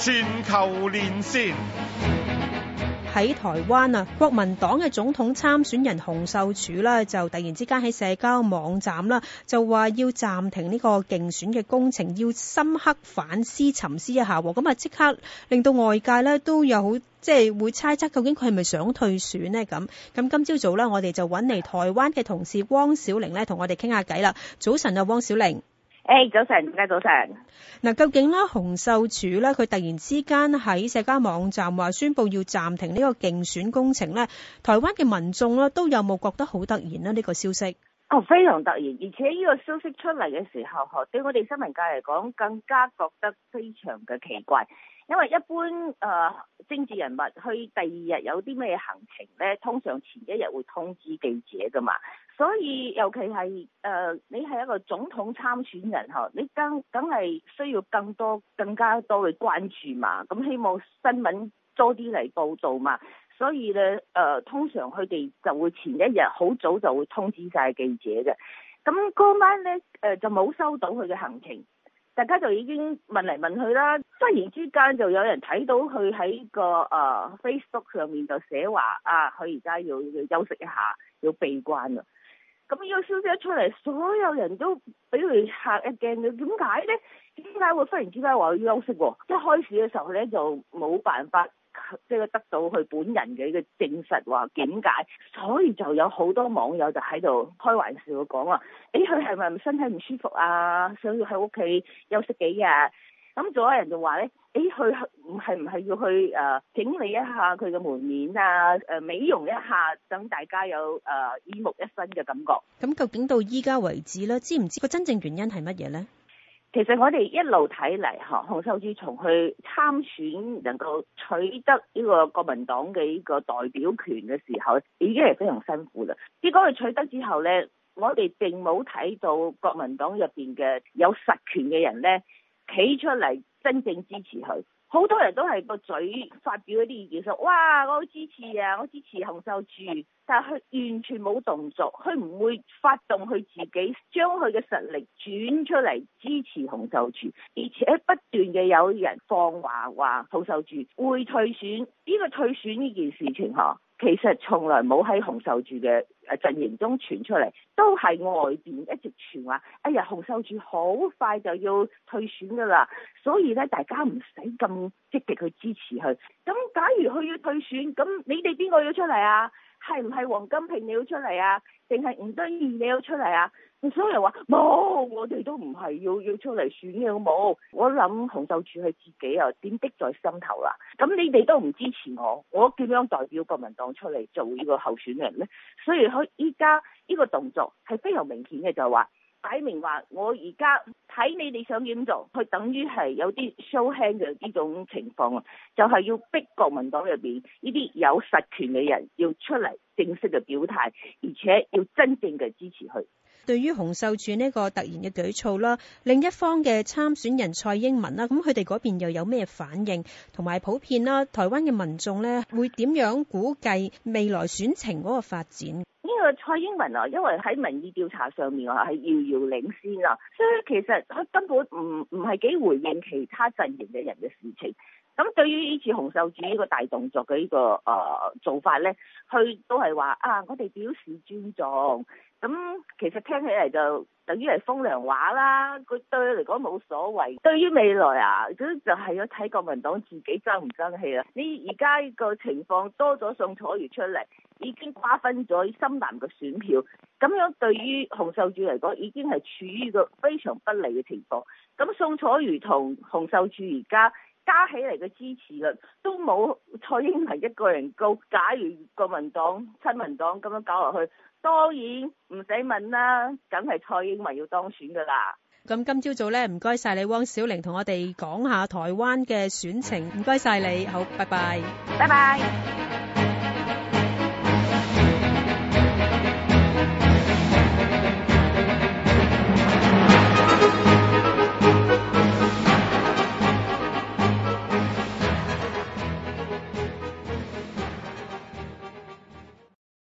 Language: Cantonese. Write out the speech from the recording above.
全球連線喺台灣啊，國民黨嘅總統參選人洪秀柱呢，就突然之間喺社交網站啦，就話要暫停呢個競選嘅工程，要深刻反思、沉思一下喎。咁啊，即刻令到外界呢都有好即係會猜測，究竟佢係咪想退選呢？咁咁今朝早呢，我哋就揾嚟台灣嘅同事汪小玲呢，同我哋傾下偈啦。早晨啊，汪小玲。誒、hey，早晨，點解早晨？嗱，究竟咧，洪秀柱咧，佢突然之間喺社交網站話宣佈要暫停呢個競選工程咧，台灣嘅民眾咧都有冇覺得好突然呢？呢、這個消息哦，非常突然，而且呢個消息出嚟嘅時候，嗬，對我哋新聞界嚟講，更加覺得非常嘅奇怪。因為一般誒、呃、政治人物佢第二日有啲咩行程呢？通常前一日會通知記者噶嘛，所以尤其係誒、呃、你係一個總統參選人嗬，你更梗係需要更多更加多嘅關注嘛，咁希望新聞多啲嚟報道嘛，所以呢，誒、呃、通常佢哋就會前一日好早就會通知晒記者嘅，咁嗰晚呢，呃、就冇收到佢嘅行程。大家就已經問嚟問去啦，忽然之間就有人睇到佢喺個誒 Facebook 上面就寫話啊，佢而家要休息一下，要閉關啦，咁呢個消息一出嚟，所有人都俾佢嚇一驚嘅。點解呢？點解會忽然之間話要休息喎？一開始嘅時候呢，就冇辦法。即係得到佢本人嘅呢個證實話境界，所以就有好多網友就喺度開玩笑講話，誒佢係咪身體唔舒服啊，想要喺屋企休息幾日？咁仲有人就話咧，誒佢係唔係要去誒、呃、整理一下佢嘅門面啊？誒美容一下，等大家有誒、呃、耳目一新嘅感覺。咁究竟到依家為止咧，知唔知個真正原因係乜嘢咧？其實我哋一路睇嚟，嚇洪秀柱從去參選能夠取得呢個國民黨嘅呢個代表權嘅時候，已經係非常辛苦啦。結果佢取得之後呢，我哋並冇睇到國民黨入面嘅有實權嘅人呢企出嚟。真正支持佢，好多人都係個嘴發表一啲意見說，說哇我好支持啊，我支持洪秀柱，但係佢完全冇動作，佢唔會發動佢自己將佢嘅實力轉出嚟支持洪秀柱，而且不斷嘅有人放話話洪秀柱會退選，呢、這個退選呢件事情嗬，其實從來冇喺洪秀柱嘅陣營中傳出嚟，都係外邊一直傳話，哎呀洪秀柱好快就要退選噶啦，所以。麼大家唔使咁積極去支持佢。咁假如佢要退選，咁你哋邊個要出嚟啊？係唔係黃金平？你要出嚟啊？定係吳敦義你要出嚟啊？所以話冇，我哋都唔係要要出嚟選嘅好冇。我諗洪秀柱佢自己又點滴在心頭啦。咁你哋都唔支持我，我點樣代表國民黨出嚟做呢個候選人呢？所以佢依家呢個動作係非常明顯嘅，就係話。擺明話我而家睇你哋想點做，佢等於係有啲 show hand 嘅呢種情況啊，就係要逼國民黨入邊呢啲有實權嘅人要出嚟正式嘅表態，而且要真正嘅支持佢。對於洪秀柱呢個突然嘅舉措啦，另一方嘅參選人蔡英文啦，咁佢哋嗰邊又有咩反應？同埋普遍啦，台灣嘅民眾咧會點樣估計未來選情嗰個發展？蔡英文啊，因為喺民意調查上面啊係遙遙領先啦，啊，所以其實佢根本唔唔係幾回應其他陣營嘅人嘅事情。咁對於呢次洪秀柱呢個大動作嘅呢，這個誒、呃、做法呢，佢都係話啊，我哋表示尊重。咁其實聽起嚟，就等於係風涼話啦。佢對佢嚟講冇所謂。對於未來啊，咁就係、是、要睇國民黨自己爭唔爭氣啦，啊。你而家個情況多咗宋楚瑜出嚟。已經瓜分咗深藍嘅選票，咁樣對於洪秀柱嚟講，已經係處於個非常不利嘅情況。咁宋楚瑜同洪秀柱而家加起嚟嘅支持率都冇蔡英文一個人高。假如國民黨、親民黨咁樣搞落去，當然唔使問啦，梗係蔡英文要當選噶啦。咁今朝早咧，唔該晒你，汪小玲同我哋講下台灣嘅選情。唔該晒你，好，拜拜，拜拜。